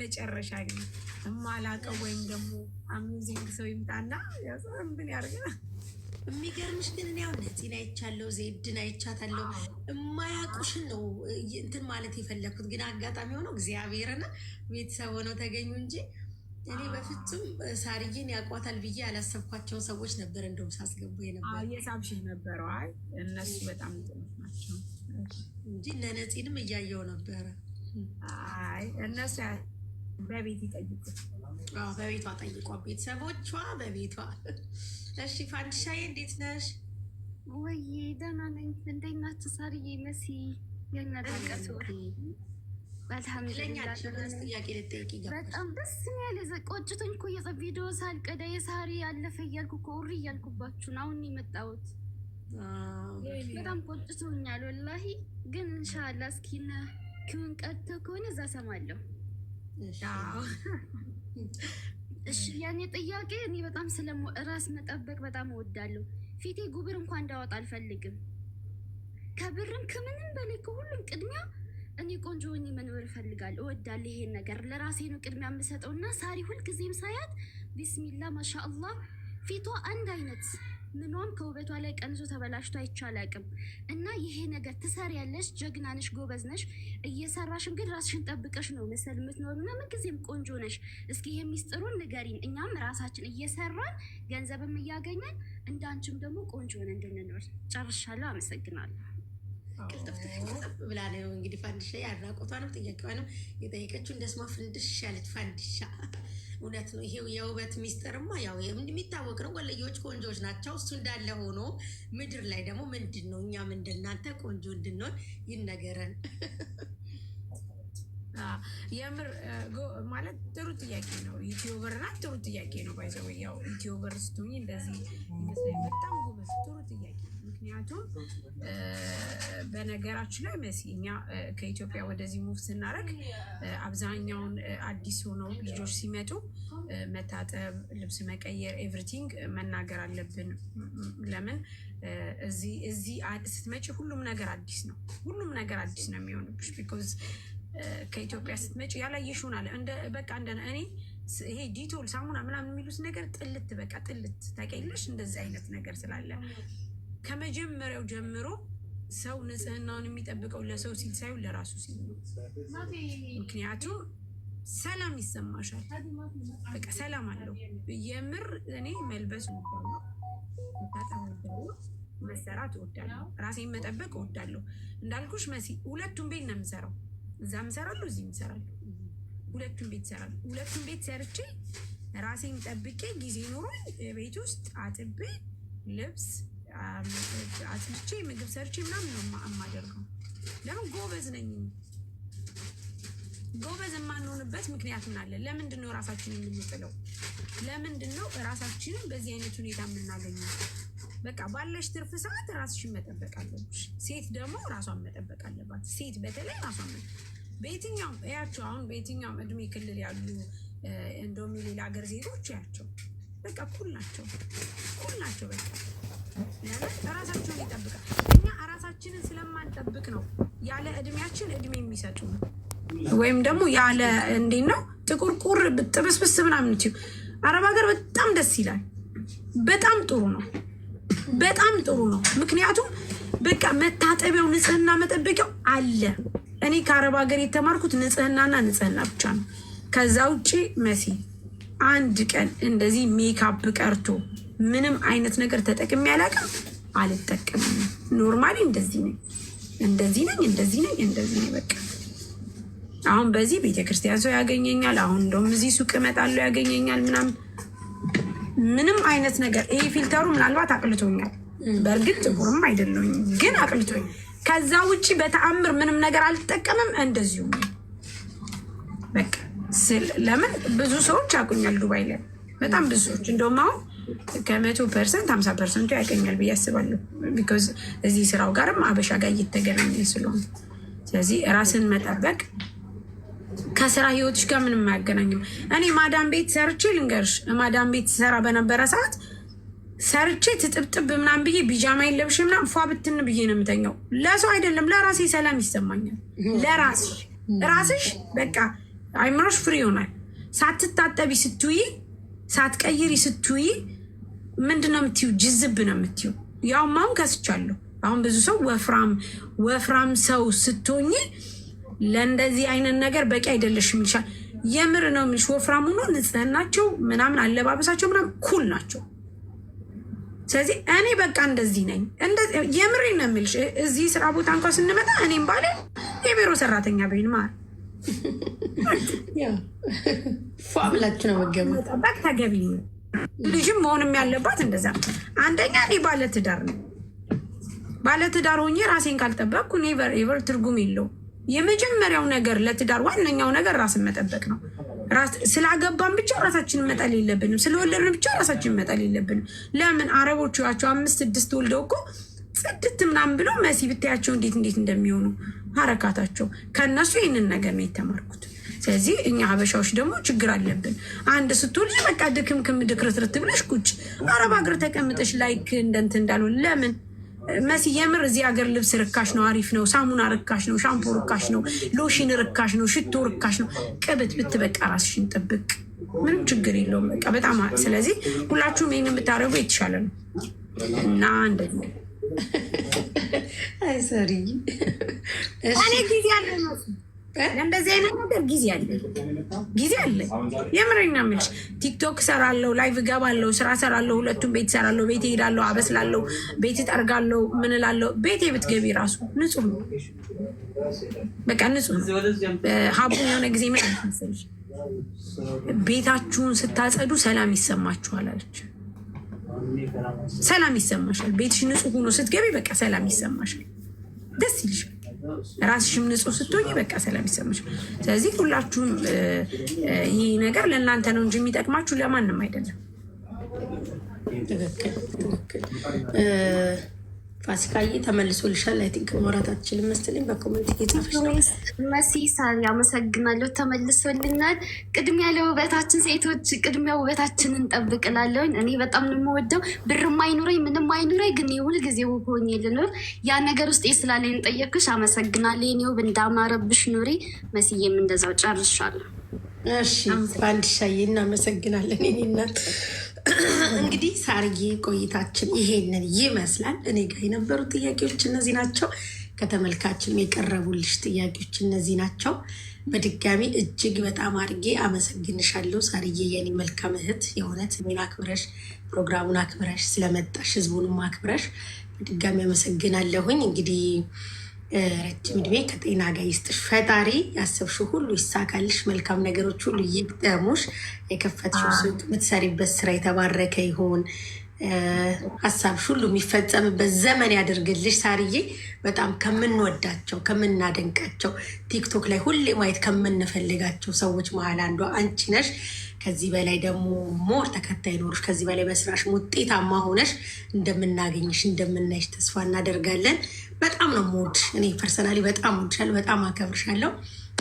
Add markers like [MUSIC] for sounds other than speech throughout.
መጨረሻ ግን እማላቀው ወይም ደግሞ አሚዚንግ ሰው ይምጣና ያሰብን ያደርገ የሚገርምሽ ግን እኔ አሁን ነፂን አይቻለሁ፣ ዜድን አይቻታለሁ። እማያውቁሽን ነው እንትን ማለት የፈለግኩት ግን አጋጣሚ ሆነው እግዚአብሔርን ቤተሰብ ሆነው ተገኙ እንጂ እኔ በፍጹም ሳርዬን ያውቋታል ብዬ ያላሰብኳቸውን ሰዎች ነበር እንደውም ሳስገቡ ነበር የሳብሽ ነበረ። አይ እነሱ በጣም ጥሩት ናቸው እንጂ እነ ነፂንም እያየው ነበረ። አይ እነሱ በቤት ይጠይቁት። በቤቷ ጠይቋ፣ ቤተሰቦቿ በቤቷ። እሺ ፋንዲሻዬ እንዴት ነሽ? ወይ ደህና ነኝ። እንዴት ናችሁ? ሳርዬ መሲ የነዳቀቱ በጣም ደስ ያለ ቆጭቶኝ እኮ ቪዲዮ የሳሪ እያልኩ እኮ ውሪ አሁን የመጣሁት በጣም ቆጭቶኛል ወላሂ። ግን እንሻላ ኪውን ቀጥተው ከሆነ እዛ ሰማለሁ [LAUGHS] እሺ ያኔ ጥያቄ እኔ በጣም ስለ ራስ መጠበቅ በጣም እወዳለሁ። ፊቴ ጉብር እንኳን እንዳወጣ አልፈልግም። ከብርም ከምንም በላይ ከሁሉም ቅድሚያ እኔ ቆንጆ ሆኜ መኖር እፈልጋለሁ። እወዳለሁ ይሄን ነገር ለራሴ ነው ቅድሚያ የምሰጠው እና ሳሪ ሁልጊዜም ሳያት ቢስሚላ ማሻአላህ ፊቷ አንድ አይነት ምኗም ከውበቷ ላይ ቀንሶ ተበላሽቶ አይቻል አቅም እና ይሄ ነገር ትሰሪያለሽ፣ ጀግና ነሽ፣ ጎበዝ ነሽ። እየሰራሽም ግን ራስሽን ጠብቀሽ ነው መሰል የምትኖሩና ምንጊዜም ቆንጆ ነሽ። እስኪ ይሄ ሚስጥሩን ንገሪን። እኛም ራሳችን እየሰራን ገንዘብም እያገኘን እንዳንችም ደግሞ ቆንጆ ሆነ እንድንኖር። ጨርሻለሁ። አመሰግናለሁ። ብላ ነው እንግዲህ ፋንድሻ ያራቆቷ ነው ጥያቄዋ ነው የጠየቀችው እንደስማ ፍንድሻ ያለች ፋንድሻ እውነት ነው። ይሄው የውበት ሚስጥርማ ያው የሚታወቅ ነው። ወለዮች ቆንጆች ናቸው። እሱ እንዳለ ሆኖ ምድር ላይ ደግሞ ምንድን ነው እኛም እንደናንተ ቆንጆ እንድንሆን ይነገረን። [LAUGHS] የምር ማለት ጥሩ ጥያቄ ነው። ዩቲዩበር ናት። ጥሩ ጥያቄ ነው። ባይዘው ያው ዩቲዩበር ስቱኝ እንደዚህ ይመስለኝ በጣም ጎበዝ ጥሩ ጥያቄ ምክንያቱም በነገራችን ላይ መሲ እኛ ከኢትዮጵያ ወደዚህ ሙቭ ስናደርግ አብዛኛውን አዲስ ሆነው ልጆች ሲመጡ መታጠብ፣ ልብስ መቀየር፣ ኤቭሪቲንግ መናገር አለብን። ለምን እዚህ ስትመጪ ሁሉም ነገር አዲስ ነው። ሁሉም ነገር አዲስ ነው የሚሆንብሽ ቢኮዝ ከኢትዮጵያ ስትመጪ ያላየሽውን አለ በቃ እንደ እኔ ይሄ ዲቶል ሳሙና ምናምን የሚሉት ነገር ጥልት በቃ ጥልት ታውቂያለሽ፣ እንደዚህ አይነት ነገር ስላለ ከመጀመሪያው ጀምሮ ሰው ንጽህናውን የሚጠብቀው ለሰው ሲል ሳይሆን ለራሱ ሲል ነው። ምክንያቱም ሰላም ይሰማሻል። በቃ ሰላም አለው። የምር እኔ መልበስ ወዳለሁ፣ መታጠብ ወዳለሁ፣ መሰራት ወዳለሁ፣ ራሴን መጠበቅ ወዳለሁ። እንዳልኩሽ መሲ ሁለቱም ቤት ነው የምሰራው። እዛ ምሰራሉ፣ እዚህ እሰራለሁ። ሁለቱም ቤት እሰራለሁ። ሁለቱም ቤት ሰርቼ ራሴን ጠብቄ ጊዜ ኖሮ ቤት ውስጥ አጥቤ ልብስ አስልቼ ምግብ ሰርቼ ምናምን ነው የማደርገው። ለምን ጎበዝ ነኝ። ጎበዝ የማንሆንበት ምክንያት ምን አለ? ለምንድን ነው ራሳችን የምንጥለው? ለምንድን ነው ራሳችንን በዚህ አይነት ሁኔታ የምናገኘው? በቃ ባለሽ ትርፍ ሰዓት ራስሽን መጠበቅ አለብሽ። ሴት ደግሞ ራሷን መጠበቅ አለባት። ሴት በተለይ ራሷን በየትኛውም እያቸው አሁን በየትኛውም እድሜ ክልል ያሉ እንደውም የሌላ ሀገር ዜጎች ያቸው በቃ ኩል ናቸው፣ ኩል ናቸው በቃ ራሳቸውን ይጠብቃል። እኛ ራሳችንን ስለማንጠብቅ ነው ያለ እድሜያችን እድሜ የሚሰጡ ወይም ደግሞ ያለ እንዴት ነው ጥቁር ቁር ጥብስብስ ምናምን ችል አረብ ሀገር በጣም ደስ ይላል። በጣም ጥሩ ነው። በጣም ጥሩ ነው። ምክንያቱም በቃ መታጠቢያው ንጽህና መጠበቂያው አለ። እኔ ከአረብ ሀገር የተማርኩት ንጽህናና ንጽህና ብቻ ነው። ከዛ ውጭ መሲ አንድ ቀን እንደዚህ ሜካፕ ቀርቶ ምንም አይነት ነገር ተጠቅሜ አላውቅም፣ አልጠቀምም። ኖርማሊ እንደዚህ ነኝ፣ እንደዚህ ነኝ፣ እንደዚህ ነኝ፣ እንደዚህ ነኝ። በቃ አሁን በዚህ ቤተክርስቲያን ሰው ያገኘኛል። አሁን እንደውም እዚህ ሱቅ እመጣለሁ ያገኘኛል ምናምን ምንም አይነት ነገር ይሄ ፊልተሩ ምናልባት አቅልቶኛል። በእርግጥ ጥቁርም አይደለሁኝ ግን አቅልቶኝ፣ ከዛ ውጭ በተአምር ምንም ነገር አልጠቀምም። እንደዚሁ በቃ ለምን ብዙ ሰዎች አቁኛል ዱባይ ላይ በጣም ብዙ ሰዎች እንደውም አሁን ከመቶ ፐርሰንት ሀምሳ ፐርሰንቱ ያገኛል ብዬ አስባለሁ። ቢኮዝ እዚህ ስራው ጋርም አበሻ ጋር እየተገናኘ ስለሆነ፣ ስለዚህ ራስን መጠበቅ ከስራ ህይወቶች ጋር ምንም አያገናኝም። እኔ ማዳም ቤት ሰርቼ ልንገርሽ፣ ማዳም ቤት ሰራ በነበረ ሰዓት ሰርቼ ትጥብጥብ ምናም ብዬ ቢጃማ የለብሽ ምናምን ፏ ብትን ብዬ ነው የምተኛው። ለሰው አይደለም ለራሴ ሰላም ይሰማኛል። ለራስሽ ራስሽ በቃ አይምሮሽ ፍሪ ይሆናል። ሳትታጠቢ ስትይ፣ ሳትቀይሪ ስትይ ምንድን ነው የምትዩ? ጅዝብ ነው የምትዩ። ያው ማም ከስቻለሁ። አሁን ብዙ ሰው ወፍራም ወፍራም ሰው ስትሆኝ ለእንደዚህ አይነት ነገር በቂ አይደለሽ ይልሻል። የምር ነው የምልሽ። ወፍራም ሆኖ ንጽህናቸው ምናምን አለባበሳቸው ምናምን ኩል ናቸው። ስለዚህ እኔ በቃ እንደዚህ ነኝ። የምር ነው የምልሽ። እዚህ ስራ ቦታ እንኳ ስንመጣ እኔም ባለ የቢሮ ሰራተኛ ብን ማር ብላችሁ ነው መገመጣ ተገቢ ነው። ልጅም መሆንም ያለባት እንደዛ። አንደኛ እኔ ባለትዳር ነው። ባለትዳር ሆኜ ራሴን ካልጠበቅኩ ኔቨር ኤቨር ትርጉም የለው። የመጀመሪያው ነገር ለትዳር ዋነኛው ነገር ራስን መጠበቅ ነው። ስላገባን ብቻ ራሳችንን መጣል የለብንም። ስለወለድን ብቻ ራሳችንን መጣል የለብንም። ለምን አረቦቹ ያቸው አምስት ስድስት ወልደው እኮ ጽድት ምናምን ብለው መሲ ብታያቸው እንዴት እንዴት እንደሚሆኑ ሀረካታቸው ከእነሱ ይህንን ነገር ነው የተማርኩት። ስለዚህ እኛ ሀበሻዎች ደግሞ ችግር አለብን። አንድ ስትወልጂ በቃ ድክምክም ድክርትርት ብለሽ ቁጭ አረብ ሀገር ተቀምጠሽ ላይክ እንደንት እንዳሉ ለምን መሲ የምር እዚህ ሀገር ልብስ ርካሽ ነው፣ አሪፍ ነው፣ ሳሙና ርካሽ ነው፣ ሻምፖ ርካሽ ነው፣ ሎሽን ርካሽ ነው፣ ሽቶ ርካሽ ነው። ቅብት ብትበቃ ራስሽን ጥብቅ፣ ምንም ችግር የለውም። በቃ በጣም ስለዚህ ሁላችሁም ይህን የምታደርጉ የተሻለ ነው እና እንደ አይ ሰሪ እኔ ጊዜ አለ ለእንደዚህ አይነት ነገር ጊዜ አለ፣ ጊዜ አለ። የምረኛ ምልሽ ቲክቶክ ሰራለሁ፣ ላይቭ ገባለሁ፣ ስራ ሰራለው ሁለቱም ቤት ሰራለሁ፣ ቤት ሄዳለሁ፣ አበስላለሁ፣ ቤት ጠርጋለሁ፣ ምንላለሁ። ቤቴ ብትገቢ ራሱ ንጹህ ነው፣ በቃ ንጹህ ነው። ሀቡን የሆነ ጊዜ ምን ቤታችሁን ስታጸዱ ሰላም ይሰማችኋል አለች። ሰላም ይሰማሻል፣ ቤትሽ ንጹህ ሆኖ ስትገቢ በቃ ሰላም ይሰማሻል፣ ደስ ይልሻል። ራስሽም ንጹህ ስትሆኝ በቃ ሰላም ይሰማሽ። ስለዚህ ሁላችሁም ይህ ነገር ለእናንተ ነው እንጂ የሚጠቅማችሁ ለማንም አይደለም። ትክክል። ፋሲካዬ ተመልሶልሻል። አይ ቲንክ ማውራት አትችልም መሰለኝ። በኮመንት እየጻፈች መሲ ሳሪ አመሰግናለሁ፣ ተመልሶልናል። ቅድሚያ ለውበታችን ሴቶች፣ ቅድሚያ ውበታችን እንጠብቅላለሁኝ። እኔ በጣም ነው የምወደው። ብርም አይኑረኝ ምንም አይኑረኝ፣ ግን ሁል ጊዜ ውብ ሆኜ ልኖር። ያ ነገር ውስጥ ስላለኝ ጠየቅሽ፣ አመሰግናለሁ። የኔ ውብ እንዳማረብሽ ኑሪ። መስዬም እንደዛው ጨርሻለሁ። እሺ በአንድ ሻይ እናመሰግናለን የኔ እንግዲህ ሳርዬ ቆይታችን ይሄንን ይመስላል። እኔ ጋር የነበሩ ጥያቄዎች እነዚህ ናቸው። ከተመልካችም የቀረቡልሽ ጥያቄዎች እነዚህ ናቸው። በድጋሚ እጅግ በጣም አድርጌ አመሰግንሻለሁ ሳርዬ፣ የኔ መልካም እህት የእውነት እኔን አክብረሽ ፕሮግራሙን አክብረሽ ስለመጣሽ ህዝቡንም አክብረሽ በድጋሚ አመሰግናለሁኝ እንግዲህ ረጅም እድሜ ከጤና ጋር ይስጥሽ ፈጣሪ። ያሰብሽው ሁሉ ይሳካልሽ። መልካም ነገሮች ሁሉ ይግጠሙሽ። የከፈትሽው የምትሰሪበት ስራ የተባረከ ይሁን። ሀሳብሽ ሁሉ የሚፈጸምበት ዘመን ያደርግልሽ። ሳርዬ በጣም ከምንወዳቸው ከምናደንቃቸው፣ ቲክቶክ ላይ ሁሌ ማየት ከምንፈልጋቸው ሰዎች መሀል አንዷ አንቺ ነሽ። ከዚህ በላይ ደግሞ ሞር ተከታይ ኖሮች ከዚህ በላይ በስራሽ ውጤታማ ሆነሽ እንደምናገኝሽ እንደምናይሽ ተስፋ እናደርጋለን። በጣም ነው ሞድ እኔ ፐርሰናሊ በጣም እወድሻለሁ፣ በጣም አከብርሻለሁ።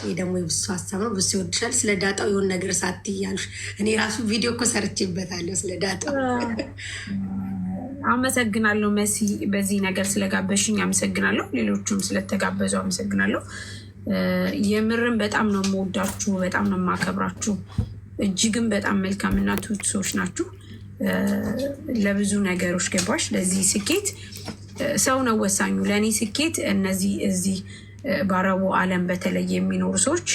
ይህ ደግሞ የብሱ ሀሳብ ነው። ብሱ ይወድሻል። ስለ ዳጣው የሆን ነገር ሳትያሉሽ እኔ ራሱ ቪዲዮ እኮ ሰርቼበታለሁ ስለ ዳጣው። አመሰግናለሁ መሲ፣ በዚህ ነገር ስለጋበሽኝ አመሰግናለሁ። ሌሎቹም ስለተጋበዙ አመሰግናለሁ። የምርም በጣም ነው የምወዳችሁ፣ በጣም ነው የማከብራችሁ። እጅግም በጣም መልካምና ትሁት ሰዎች ናችሁ። ለብዙ ነገሮች ገባሽ። ለዚህ ስኬት ሰው ነው ወሳኙ። ለእኔ ስኬት እነዚህ እዚህ በአረቡ ዓለም በተለይ የሚኖሩ ሰዎች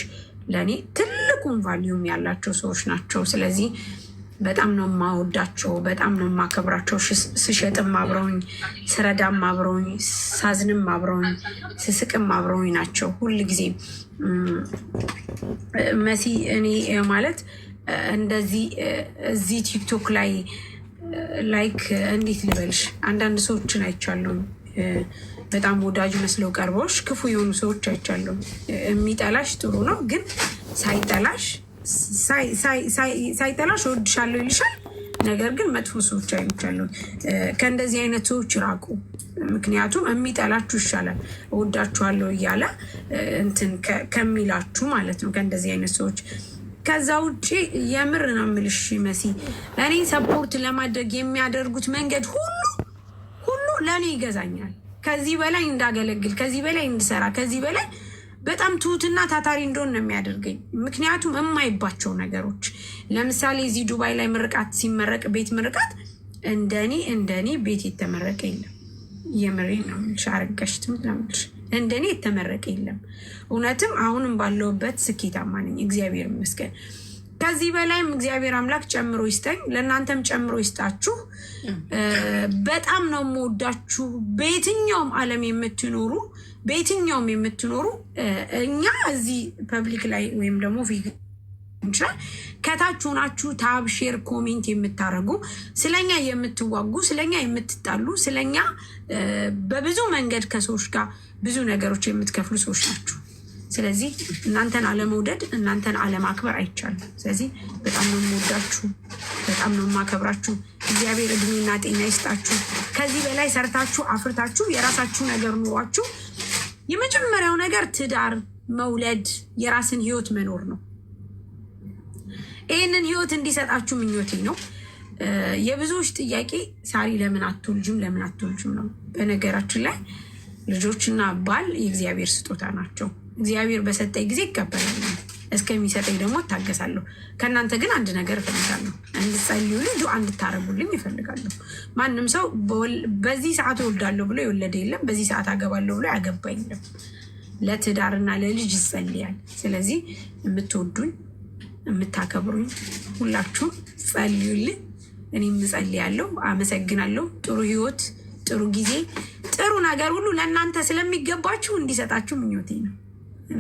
ለእኔ ትልቁን ቫሊዩም ያላቸው ሰዎች ናቸው። ስለዚህ በጣም ነው የማወዳቸው፣ በጣም ነው የማከብራቸው። ስሸጥም አብረውኝ፣ ስረዳም አብረውኝ፣ ሳዝንም አብረውኝ፣ ስስቅም አብረውኝ ናቸው ሁል ጊዜ መሲ። እኔ ማለት እንደዚህ እዚህ ቲክቶክ ላይ ላይክ እንዴት ልበልሽ አንዳንድ ሰዎችን አይቻለሁ በጣም ወዳጅ መስለው ቀርበዎች ክፉ የሆኑ ሰዎች አይቻለሁ። የሚጠላሽ ጥሩ ነው፣ ግን ሳይጠላሽ ሳይጠላሽ እወድሻለሁ ይልሻል። ነገር ግን መጥፎ ሰዎች አይቻለሁ። ከእንደዚህ አይነት ሰዎች ራቁ። ምክንያቱም የሚጠላችሁ ይሻላል እወዳችኋለሁ እያለ እንትን ከሚላችሁ ማለት ነው፣ ከእንደዚህ አይነት ሰዎች ከዛ ውጭ የምር ነው የምልሽ መሲ፣ እኔ ሰፖርት ለማድረግ የሚያደርጉት መንገድ ሁሉ ለእኔ ይገዛኛል። ከዚህ በላይ እንዳገለግል፣ ከዚህ በላይ እንድሰራ፣ ከዚህ በላይ በጣም ትሁትና ታታሪ እንደሆን ነው የሚያደርገኝ። ምክንያቱም የማይባቸው ነገሮች ለምሳሌ እዚህ ዱባይ ላይ ምርቃት ሲመረቅ ቤት ምርቃት እንደኔ እንደኔ ቤት የተመረቀ የለም። የምሬ ነው የምልሽ፣ ለምልሽ እንደኔ የተመረቀ የለም። እውነትም አሁንም ባለውበት ስኬታማ ነኝ፣ እግዚአብሔር ይመስገን። ከዚህ በላይም እግዚአብሔር አምላክ ጨምሮ ይስጠኝ፣ ለእናንተም ጨምሮ ይስጣችሁ። በጣም ነው የምወዳችሁ። በየትኛውም ዓለም የምትኖሩ በየትኛውም የምትኖሩ እኛ እዚህ ፐብሊክ ላይ ወይም ደግሞ ይችላል ከታች ሆናችሁ ታብ ሼር ኮሜንት የምታደርጉ ስለኛ የምትዋጉ ስለኛ የምትጣሉ ስለኛ በብዙ መንገድ ከሰዎች ጋር ብዙ ነገሮች የምትከፍሉ ሰዎች ናችሁ። ስለዚህ እናንተን አለመውደድ እናንተን አለማክበር አይቻልም። ስለዚህ በጣም ነው የምወዳችሁ፣ በጣም ነው የማከብራችሁ። እግዚአብሔር እድሜና ጤና ይስጣችሁ። ከዚህ በላይ ሰርታችሁ አፍርታችሁ የራሳችሁ ነገር ኑሯችሁ። የመጀመሪያው ነገር ትዳር፣ መውለድ፣ የራስን ህይወት መኖር ነው። ይህንን ህይወት እንዲሰጣችሁ ምኞቴ ነው። የብዙዎች ጥያቄ ሳሪ ለምን አትወልጅም? ለምን አትወልጅም ነው። በነገራችን ላይ ልጆችና ባል የእግዚአብሔር ስጦታ ናቸው። እግዚአብሔር በሰጠኝ ጊዜ ይቀበላል፣ እስከሚሰጠኝ ደግሞ እታገሳለሁ። ከእናንተ ግን አንድ ነገር እፈልጋለሁ፣ እንድጸልዩልኝ፣ ዱዓ እንድታረጉልኝ ይፈልጋለሁ። ማንም ሰው በዚህ ሰዓት እወልዳለሁ ብሎ የወለደ የለም፣ በዚህ ሰዓት አገባለሁ ብሎ ያገባ የለም። ለትዳርና ለልጅ ይጸልያል። ስለዚህ የምትወዱኝ የምታከብሩኝ ሁላችሁም ጸልዩልኝ፣ እኔም እጸልያለሁ። አመሰግናለሁ። ጥሩ ህይወት ጥሩ ጊዜ ጥሩ ነገር ሁሉ ለእናንተ ስለሚገባችሁ እንዲሰጣችሁ ምኞቴ ነው።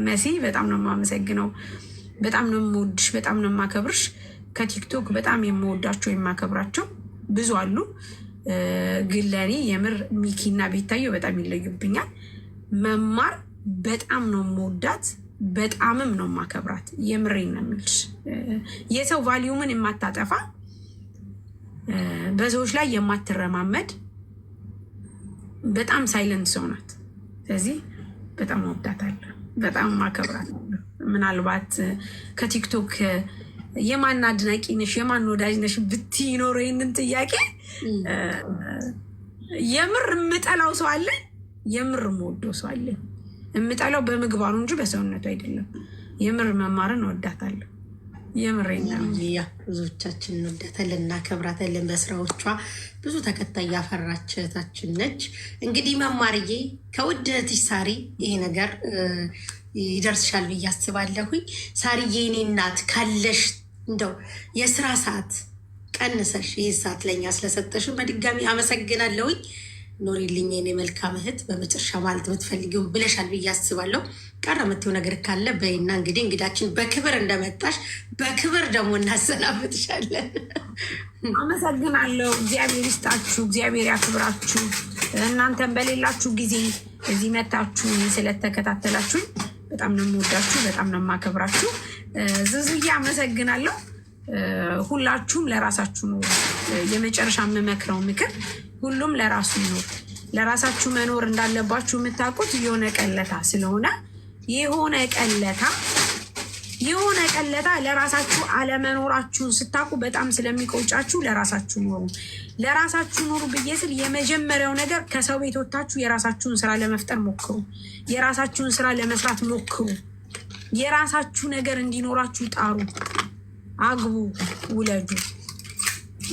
መሲ በጣም ነው የማመሰግነው። በጣም ነው የምወድሽ፣ በጣም ነው የማከብርሽ። ከቲክቶክ በጣም የምወዳቸው የማከብራቸው ብዙ አሉ፣ ግን ለእኔ የምር ሚኪና ቤታየው በጣም ይለዩብኛል። መማር በጣም ነው የምወዳት፣ በጣምም ነው የማከብራት። የምሬን ነው የምልሽ። የሰው ቫሊዩምን የማታጠፋ በሰዎች ላይ የማትረማመድ በጣም ሳይለንት ሰው ናት። ስለዚህ በጣም ወዳታለሁ። በጣም ማከብራት ምናልባት ከቲክቶክ የማን አድናቂ ነሽ የማን ወዳጅ ነሽ ብት ይኖረ ይህንን ጥያቄ የምር የምጠላው ሰው አለ፣ የምር የምወደው ሰው አለ። የምጠላው በምግባሩ እንጂ በሰውነቱ አይደለም። የምር መማርን እወዳታለሁ። የምሬና ያ ብዙዎቻችን እንወዳታለን እናከብራታለን። በስራዎቿ ብዙ ተከታይ ያፈራች እህታችን ነች። እንግዲህ መማርዬ ከውድ እህትሽ ሳሪ ይሄ ነገር ይደርስሻል ብዬ አስባለሁኝ። ሳሪዬ የኔ እናት ካለሽ እንደው የስራ ሰዓት ቀንሰሽ ይህ ሰዓት ለኛ ስለሰጠሽ በድጋሚ አመሰግናለሁኝ። ኖሪልኝ የኔ መልካም እህት። በመጨረሻ ማለት የምትፈልጊውን ብለሻል ብዬ አስባለሁ። ቀረ የምትው ነገር ካለ በይና እንግዲህ እንግዳችን በክብር እንደመጣሽ በክብር ደግሞ እናሰናበትሻለን። አመሰግናለሁ። እግዚአብሔር ይስጣችሁ፣ እግዚአብሔር ያክብራችሁ። እናንተን በሌላችሁ ጊዜ እዚህ መታችሁ ስለተከታተላችሁ በጣም ነው የምወዳችሁ፣ በጣም ነው የማከብራችሁ። ዝዙዬ አመሰግናለሁ። ሁላችሁም ለራሳችሁ ነው የመጨረሻ የምመክረው ምክር፣ ሁሉም ለራሱ ነው። ለራሳችሁ መኖር እንዳለባችሁ የምታውቁት የሆነ ቀለታ ስለሆነ የሆነ ቀለታ የሆነ ቀለታ ለራሳችሁ አለመኖራችሁን ስታውቁ በጣም ስለሚቆጫችሁ ለራሳችሁ ኑሩ። ለራሳችሁ ኑሩ ብዬ ስል የመጀመሪያው ነገር ከሰው ቤት ወጥታችሁ የራሳችሁን ስራ ለመፍጠር ሞክሩ። የራሳችሁን ስራ ለመስራት ሞክሩ። የራሳችሁ ነገር እንዲኖራችሁ ጣሩ። አግቡ፣ ውለዱ።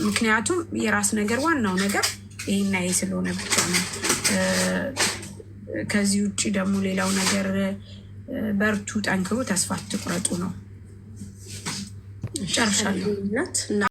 ምክንያቱም የራስ ነገር ዋናው ነገር ይህና ይሄ ስለሆነ ብቻ ነው። ከዚህ ውጭ ደግሞ ሌላው ነገር በርቱ፣ ጠንክሩ፣ ተስፋ አትቁረጡ ነው። ጨርሻለሁ።